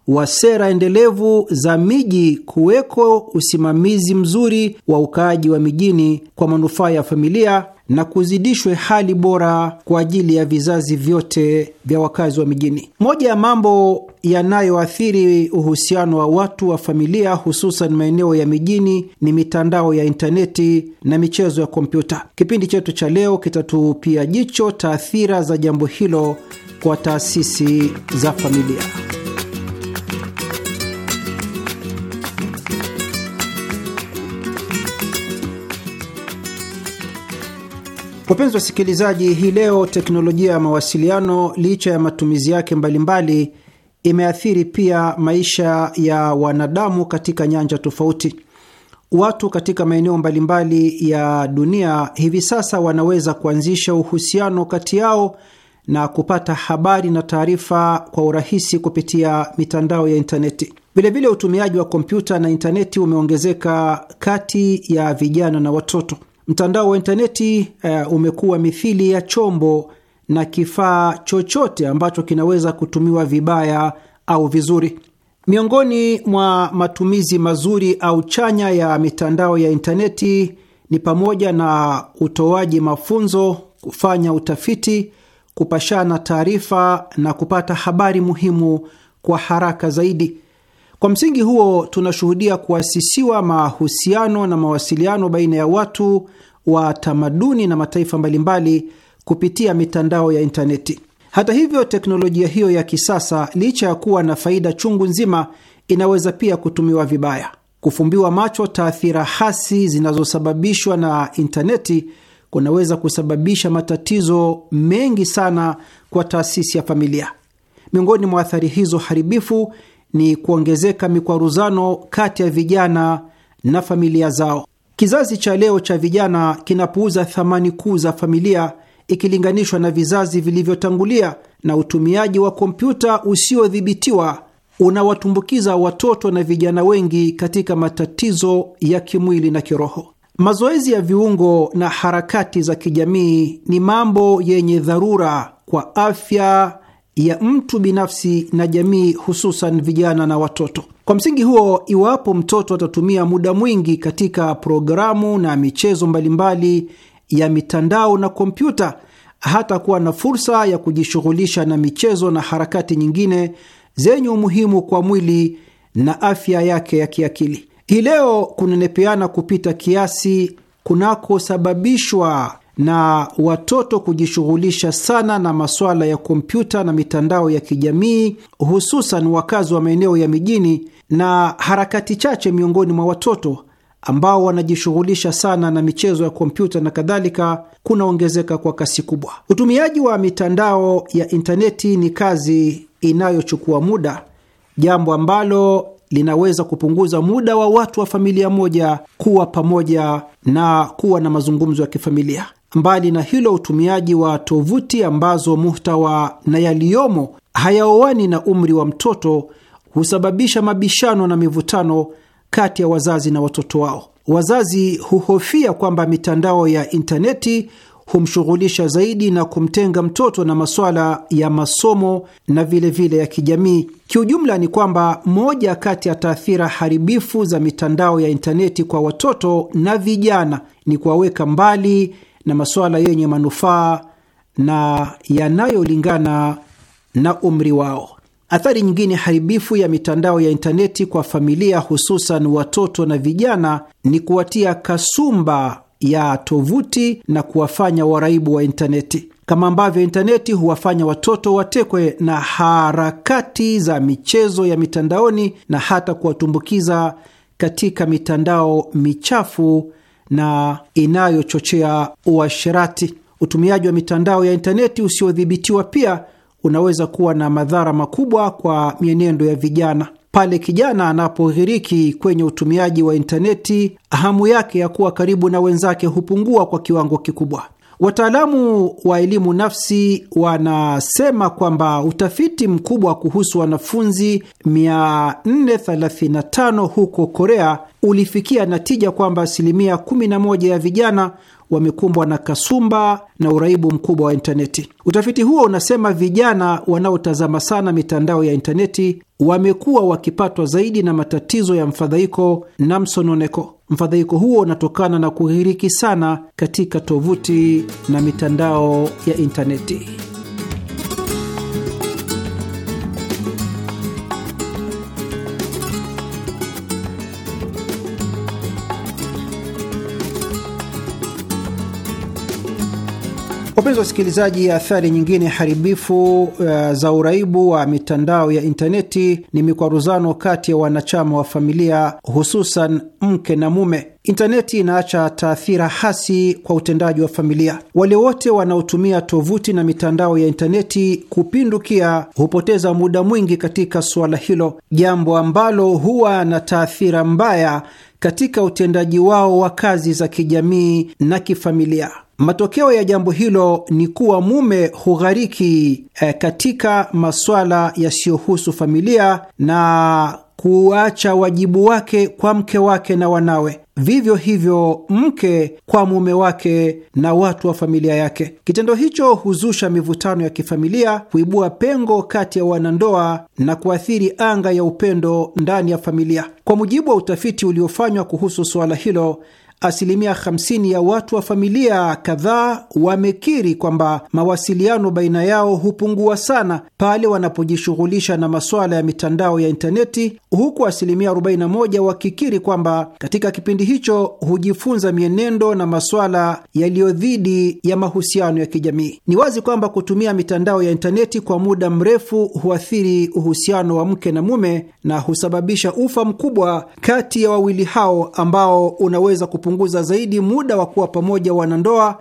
wa sera endelevu za miji kuweko usimamizi mzuri wa ukaaji wa mijini kwa manufaa ya familia na kuzidishwe hali bora kwa ajili ya vizazi vyote vya wakazi wa mijini. Moja ya mambo yanayoathiri uhusiano wa watu wa familia, hususan maeneo ya mijini, ni mitandao ya intaneti na michezo ya kompyuta. Kipindi chetu cha leo kitatupia jicho taathira za jambo hilo kwa taasisi za familia. Wapenzi wasikilizaji, hii leo teknolojia ya mawasiliano licha ya matumizi yake mbalimbali imeathiri pia maisha ya wanadamu katika nyanja tofauti. Watu katika maeneo mbalimbali ya dunia hivi sasa wanaweza kuanzisha uhusiano kati yao na kupata habari na taarifa kwa urahisi kupitia mitandao ya intaneti. Vilevile, utumiaji wa kompyuta na intaneti umeongezeka kati ya vijana na watoto. Mtandao wa intaneti uh, umekuwa mithili ya chombo na kifaa chochote ambacho kinaweza kutumiwa vibaya au vizuri. Miongoni mwa matumizi mazuri au chanya ya mitandao ya intaneti ni pamoja na utoaji mafunzo, kufanya utafiti, kupashana taarifa na kupata habari muhimu kwa haraka zaidi. Kwa msingi huo, tunashuhudia kuasisiwa mahusiano na mawasiliano baina ya watu wa tamaduni na mataifa mbalimbali kupitia mitandao ya intaneti. Hata hivyo, teknolojia hiyo ya kisasa, licha ya kuwa na faida chungu nzima, inaweza pia kutumiwa vibaya. Kufumbiwa macho taathira hasi zinazosababishwa na intaneti kunaweza kusababisha matatizo mengi sana kwa taasisi ya familia. Miongoni mwa athari hizo haribifu ni kuongezeka mikwaruzano kati ya vijana na familia zao. Kizazi cha leo cha vijana kinapuuza thamani kuu za familia ikilinganishwa na vizazi vilivyotangulia, na utumiaji wa kompyuta usiodhibitiwa unawatumbukiza watoto na vijana wengi katika matatizo ya kimwili na kiroho. Mazoezi ya viungo na harakati za kijamii ni mambo yenye dharura kwa afya ya mtu binafsi na jamii, hususan vijana na watoto. Kwa msingi huo, iwapo mtoto atatumia muda mwingi katika programu na michezo mbalimbali ya mitandao na kompyuta, hata kuwa na fursa ya kujishughulisha na michezo na harakati nyingine zenye umuhimu kwa mwili na afya yake ya kiakili. Hii leo kunenepeana kupita kiasi kunakosababishwa na watoto kujishughulisha sana na masuala ya kompyuta na mitandao ya kijamii, hususan wakazi wa maeneo ya mijini na harakati chache miongoni mwa watoto ambao wanajishughulisha sana na michezo ya kompyuta na kadhalika kunaongezeka kwa kasi kubwa. Utumiaji wa mitandao ya intaneti ni kazi inayochukua muda, jambo ambalo linaweza kupunguza muda wa watu wa familia moja kuwa pamoja na kuwa na mazungumzo ya kifamilia. Mbali na hilo, utumiaji wa tovuti ambazo muhtawa na yaliyomo hayaoani na umri wa mtoto husababisha mabishano na mivutano kati ya wazazi na watoto wao. Wazazi huhofia kwamba mitandao ya intaneti humshughulisha zaidi na kumtenga mtoto na masuala ya masomo na vilevile vile ya kijamii. Kiujumla ni kwamba moja kati ya taathira haribifu za mitandao ya intaneti kwa watoto na vijana ni kuwaweka mbali na masuala yenye manufaa na yanayolingana na umri wao. Athari nyingine haribifu ya mitandao ya intaneti kwa familia, hususan watoto na vijana, ni kuwatia kasumba ya tovuti na kuwafanya waraibu wa intaneti, kama ambavyo intaneti huwafanya watoto watekwe na harakati za michezo ya mitandaoni na hata kuwatumbukiza katika mitandao michafu na inayochochea uashirati Utumiaji wa mitandao ya intaneti usiodhibitiwa pia unaweza kuwa na madhara makubwa kwa mienendo ya vijana. Pale kijana anapoghiriki kwenye utumiaji wa intaneti, hamu yake ya kuwa karibu na wenzake hupungua kwa kiwango kikubwa. Wataalamu wa elimu nafsi wanasema kwamba utafiti mkubwa kuhusu wanafunzi 435 huko Korea ulifikia natija kwamba asilimia 11 ya vijana wamekumbwa na kasumba na uraibu mkubwa wa intaneti. Utafiti huo unasema vijana wanaotazama sana mitandao ya intaneti wamekuwa wakipatwa zaidi na matatizo ya mfadhaiko na msononeko. Mfadhaiko huo unatokana na kughiriki sana katika tovuti na mitandao ya intaneti. Wapenzi wasikilizaji, athari nyingine haribifu uh, za uraibu wa mitandao ya intaneti ni mikwaruzano kati ya wanachama wa familia, hususan mke na mume. Intaneti inaacha taathira hasi kwa utendaji wa familia. Wale wote wanaotumia tovuti na mitandao ya intaneti kupindukia hupoteza muda mwingi katika suala hilo, jambo ambalo huwa na taathira mbaya katika utendaji wao wa kazi za kijamii na kifamilia. Matokeo ya jambo hilo ni kuwa mume hughariki eh, katika masuala yasiyohusu familia na kuacha wajibu wake kwa mke wake na wanawe. Vivyo hivyo mke kwa mume wake na watu wa familia yake. Kitendo hicho huzusha mivutano ya kifamilia, huibua pengo kati ya wanandoa na kuathiri anga ya upendo ndani ya familia. Kwa mujibu wa utafiti uliofanywa kuhusu suala hilo, asilimia 50 ya watu wa familia kadhaa wamekiri kwamba mawasiliano baina yao hupungua sana pale wanapojishughulisha na masuala ya mitandao ya intaneti, huku asilimia 41 wakikiri kwamba katika kipindi hicho hujifunza mienendo na masuala yaliyo dhidi ya mahusiano ya kijamii. Ni wazi kwamba kutumia mitandao ya intaneti kwa muda mrefu huathiri uhusiano wa mke na mume na husababisha ufa mkubwa kati ya wawili hao ambao unaweza kupunguza kupunguza zaidi muda wa kuwa pamoja wanandoa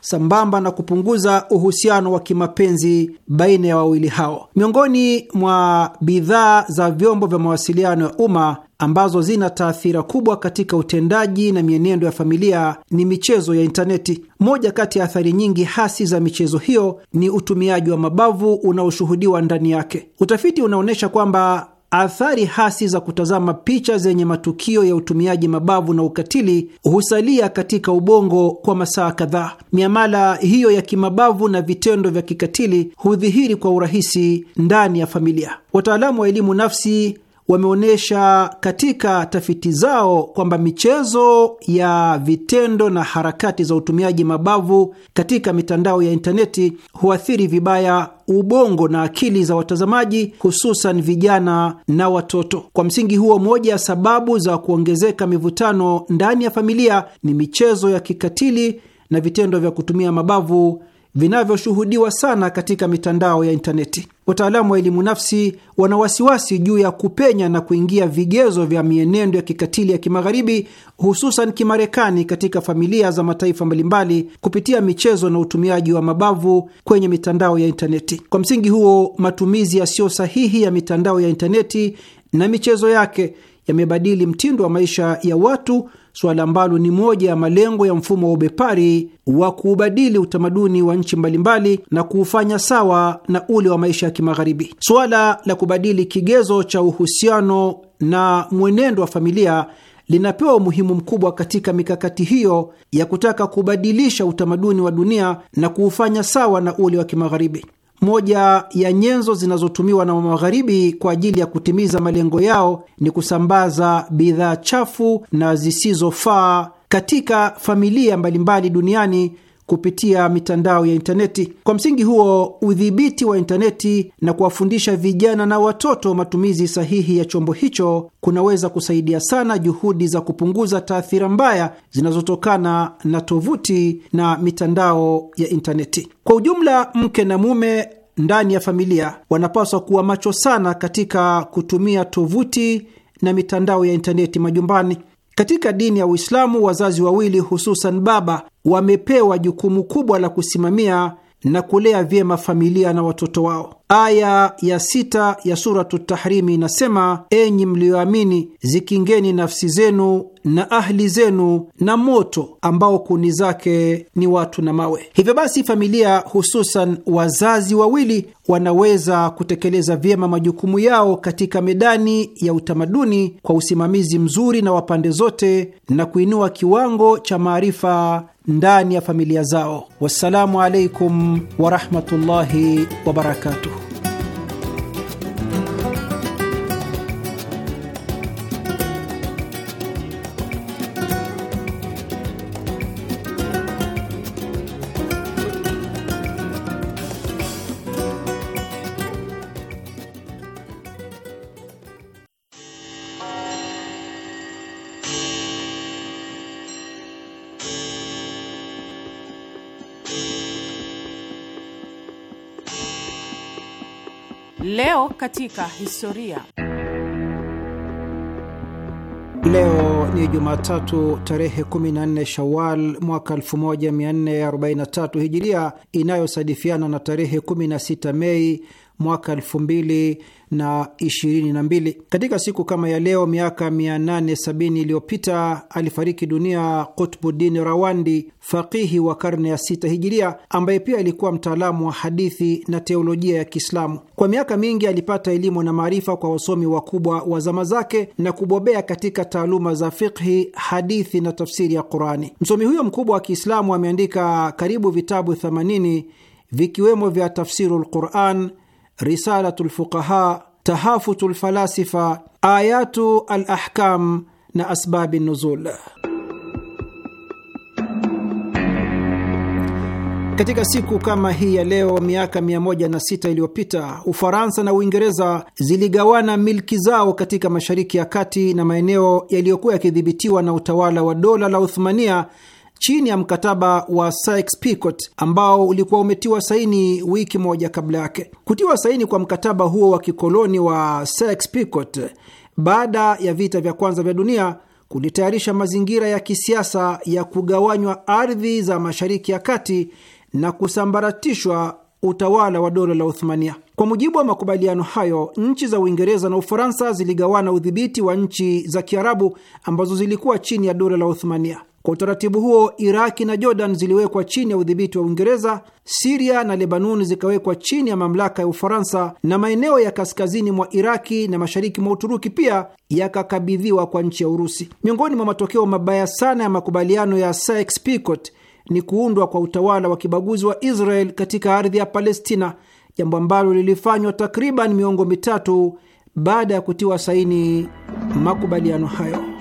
sambamba na kupunguza uhusiano wa kimapenzi baina ya wawili hao. Miongoni mwa bidhaa za vyombo vya mawasiliano ya umma ambazo zina taathira kubwa katika utendaji na mienendo ya familia ni michezo ya intaneti. Moja kati ya athari nyingi hasi za michezo hiyo ni utumiaji wa mabavu unaoshuhudiwa ndani yake. Utafiti unaonyesha kwamba athari hasi za kutazama picha zenye matukio ya utumiaji mabavu na ukatili husalia katika ubongo kwa masaa kadhaa. Miamala hiyo ya kimabavu na vitendo vya kikatili hudhihiri kwa urahisi ndani ya familia. Wataalamu wa elimu nafsi wameonyesha katika tafiti zao kwamba michezo ya vitendo na harakati za utumiaji mabavu katika mitandao ya intaneti huathiri vibaya ubongo na akili za watazamaji, hususan vijana na watoto. Kwa msingi huo, moja ya sababu za kuongezeka mivutano ndani ya familia ni michezo ya kikatili na vitendo vya kutumia mabavu vinavyoshuhudiwa sana katika mitandao ya intaneti. Wataalamu wa elimu nafsi wana wasiwasi juu ya kupenya na kuingia vigezo vya mienendo ya kikatili ya kimagharibi, hususan kimarekani, katika familia za mataifa mbalimbali kupitia michezo na utumiaji wa mabavu kwenye mitandao ya intaneti. Kwa msingi huo, matumizi yasiyo sahihi ya mitandao ya intaneti na michezo yake yamebadili mtindo wa maisha ya watu, suala ambalo ni moja ya malengo ya mfumo wa ubepari wa kuubadili utamaduni wa nchi mbalimbali na kuufanya sawa na ule wa maisha ya kimagharibi. Suala la kubadili kigezo cha uhusiano na mwenendo wa familia linapewa umuhimu mkubwa katika mikakati hiyo ya kutaka kubadilisha utamaduni wa dunia na kuufanya sawa na ule wa kimagharibi. Moja ya nyenzo zinazotumiwa na Magharibi kwa ajili ya kutimiza malengo yao ni kusambaza bidhaa chafu na zisizofaa katika familia mbalimbali duniani kupitia mitandao ya intaneti. Kwa msingi huo, udhibiti wa intaneti na kuwafundisha vijana na watoto matumizi sahihi ya chombo hicho kunaweza kusaidia sana juhudi za kupunguza taathira mbaya zinazotokana na tovuti na mitandao ya intaneti. Kwa ujumla, mke na mume ndani ya familia wanapaswa kuwa macho sana katika kutumia tovuti na mitandao ya intaneti majumbani. Katika dini ya Uislamu, wazazi wawili, hususan baba, wamepewa jukumu kubwa la kusimamia na kulea vyema familia na watoto wao. Aya ya sita ya Suratu Tahrimi inasema: enyi mliyoamini, zikingeni nafsi zenu na ahli zenu na moto ambao kuni zake ni watu na mawe. Hivyo basi, familia hususan wazazi wawili wanaweza kutekeleza vyema majukumu yao katika medani ya utamaduni kwa usimamizi mzuri na wa pande zote na kuinua kiwango cha maarifa ndani ya familia zao. Wassalamu alaikum warahmatullahi wabarakatuh. katika historia. Leo ni Jumatatu tarehe 14 Shawal mwaka 1443 Hijiria, inayosadifiana na tarehe 16 Mei mwaka mbili. Katika siku kama ya leo miaka 870 iliyopita alifariki dunia Qutbuddin Rawandi, faqihi wa karne ya sita hijiria, ambaye pia alikuwa mtaalamu wa hadithi na teolojia ya Kiislamu. Kwa miaka mingi alipata elimu na maarifa kwa wasomi wakubwa wa zama zake na kubobea katika taaluma za fiqhi, hadithi na tafsiri ya Qurani. Msomi huyo mkubwa wa Kiislamu ameandika karibu vitabu 80 vikiwemo vya tafsiru lquran Risalatu lfuqaha, Tahafutu lfalasifa, Ayatu alahkam na asbabi nuzul. Katika siku kama hii ya leo miaka 106 iliyopita Ufaransa na Uingereza ziligawana milki zao katika Mashariki ya Kati na maeneo yaliyokuwa yakidhibitiwa na utawala wa dola la Uthmania chini ya mkataba wa Sykes-Picot ambao ulikuwa umetiwa saini wiki moja kabla yake. Kutiwa saini kwa mkataba huo wa kikoloni wa Sykes-Picot baada ya vita vya kwanza vya dunia kulitayarisha mazingira ya kisiasa ya kugawanywa ardhi za Mashariki ya Kati na kusambaratishwa utawala wa dola la Uthmania. Kwa mujibu wa makubaliano hayo, nchi za Uingereza na Ufaransa ziligawana udhibiti wa nchi za Kiarabu ambazo zilikuwa chini ya dola la Uthmania. Kwa utaratibu huo, Iraki na Jordan ziliwekwa chini ya udhibiti wa Uingereza, Siria na Lebanon zikawekwa chini ya mamlaka ya Ufaransa, na maeneo ya kaskazini mwa Iraki na mashariki mwa Uturuki pia yakakabidhiwa kwa nchi ya Urusi. Miongoni mwa matokeo mabaya sana ya makubaliano ya Sykes-Picot ni kuundwa kwa utawala wa kibaguzi wa Israel katika ardhi ya Palestina, jambo ambalo lilifanywa takriban miongo mitatu baada ya kutiwa saini makubaliano hayo.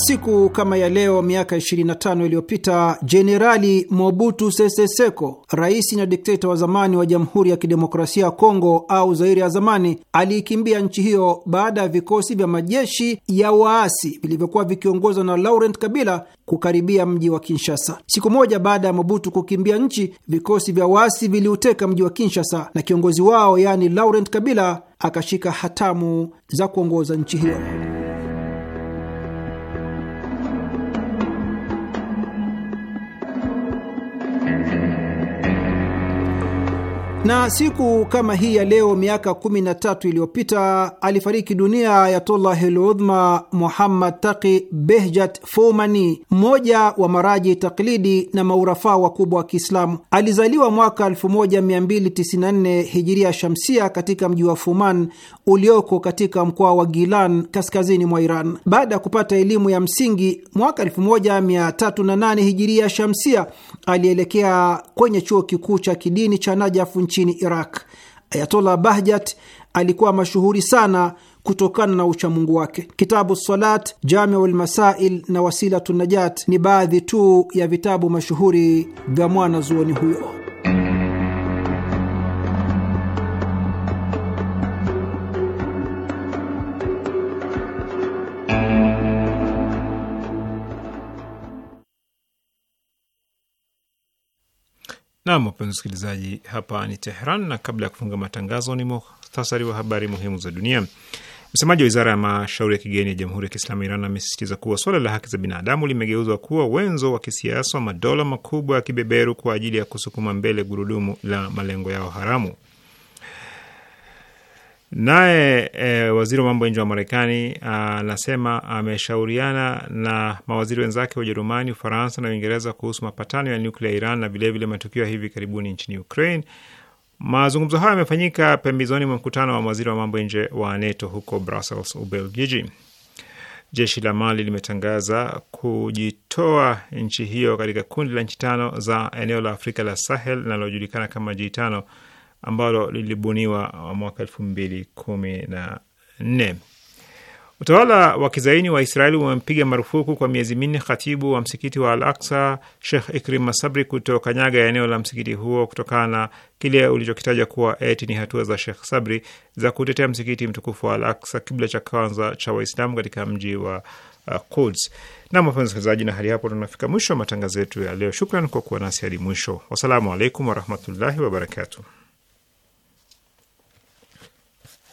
Siku kama ya leo miaka 25 iliyopita Jenerali Mobutu Sese Seko, rais na dikteta wa zamani wa Jamhuri ya Kidemokrasia ya Kongo au Zairi ya zamani, aliikimbia nchi hiyo baada ya vikosi vya majeshi ya waasi vilivyokuwa vikiongozwa na Laurent Kabila kukaribia mji wa Kinshasa. Siku moja baada ya Mobutu kukimbia nchi, vikosi vya waasi viliuteka mji wa Kinshasa na kiongozi wao, yaani Laurent Kabila, akashika hatamu za kuongoza nchi hiyo. Na siku kama hii ya leo miaka 13 iliyopita alifariki dunia Ayatullahil Udhma Muhammad Taqi Behjat Fomani, mmoja wa maraji taklidi na maurafaa wakubwa wa Kiislamu. Alizaliwa mwaka 1294 hijiria shamsia katika mji wa Fuman ulioko katika mkoa wa Gilan kaskazini mwa Iran. Baada ya kupata elimu ya msingi mwaka 1308 hijiria shamsia, alielekea kwenye chuo kikuu cha kidini cha Najafu nchini Iraq. Ayatollah Bahjat alikuwa mashuhuri sana kutokana na uchamungu wake. Kitabu Salat, Jamiu lmasail na Wasilatu Najat ni baadhi tu ya vitabu mashuhuri vya mwanazuoni huyo. Nam, wapenzi wasikilizaji, hapa ni Tehran, na kabla ya kufunga matangazo ni muhtasari wa habari muhimu za dunia. Msemaji wa wizara ya mashauri ya kigeni ya Jamhuri ya Kiislamu Iran amesisitiza kuwa suala la haki za binadamu limegeuzwa kuwa wenzo wa kisiasa wa madola makubwa ya kibeberu kwa ajili ya kusukuma mbele gurudumu la malengo yao haramu. Naye e, waziri wa mambo ya nje wa Marekani ah, anasema ameshauriana na mawaziri wenzake wa Ujerumani, Ufaransa na Uingereza kuhusu mapatano ya nuklia ya Iran na vilevile matukio ya hivi karibuni nchini Ukraine. Mazungumzo hayo yamefanyika pembezoni mwa mkutano wa mawaziri wa mambo ya nje wa NATO huko Brussels, Ubelgiji. Jeshi la Mali limetangaza kujitoa nchi hiyo katika kundi la nchi tano za eneo la Afrika la Sahel linalojulikana kama g tano ambalo lilibuniwa mwaka elfu mbili kumi na nne. Utawala wa kizaini wa Israeli umempiga marufuku kwa miezi minne khatibu wa msikiti wa Al Aksa, Shekh Ikrim Sabri, kutokanyaga eneo la msikiti huo kutokana na kile ulichokitaja kuwa eti ni hatua za Shekh Sabri za kutetea msikiti mtukufu wa Al Aksa, kibla cha kwanza cha Waislamu katika mji wa uh, Quds. Nam wapenzi wasikilizaji, na hali hapo tunafika mwisho wa matangazo yetu ya leo. Shukran kwa kuwa nasi hadi mwisho. Wassalamu alaikum warahmatullahi wabarakatuh.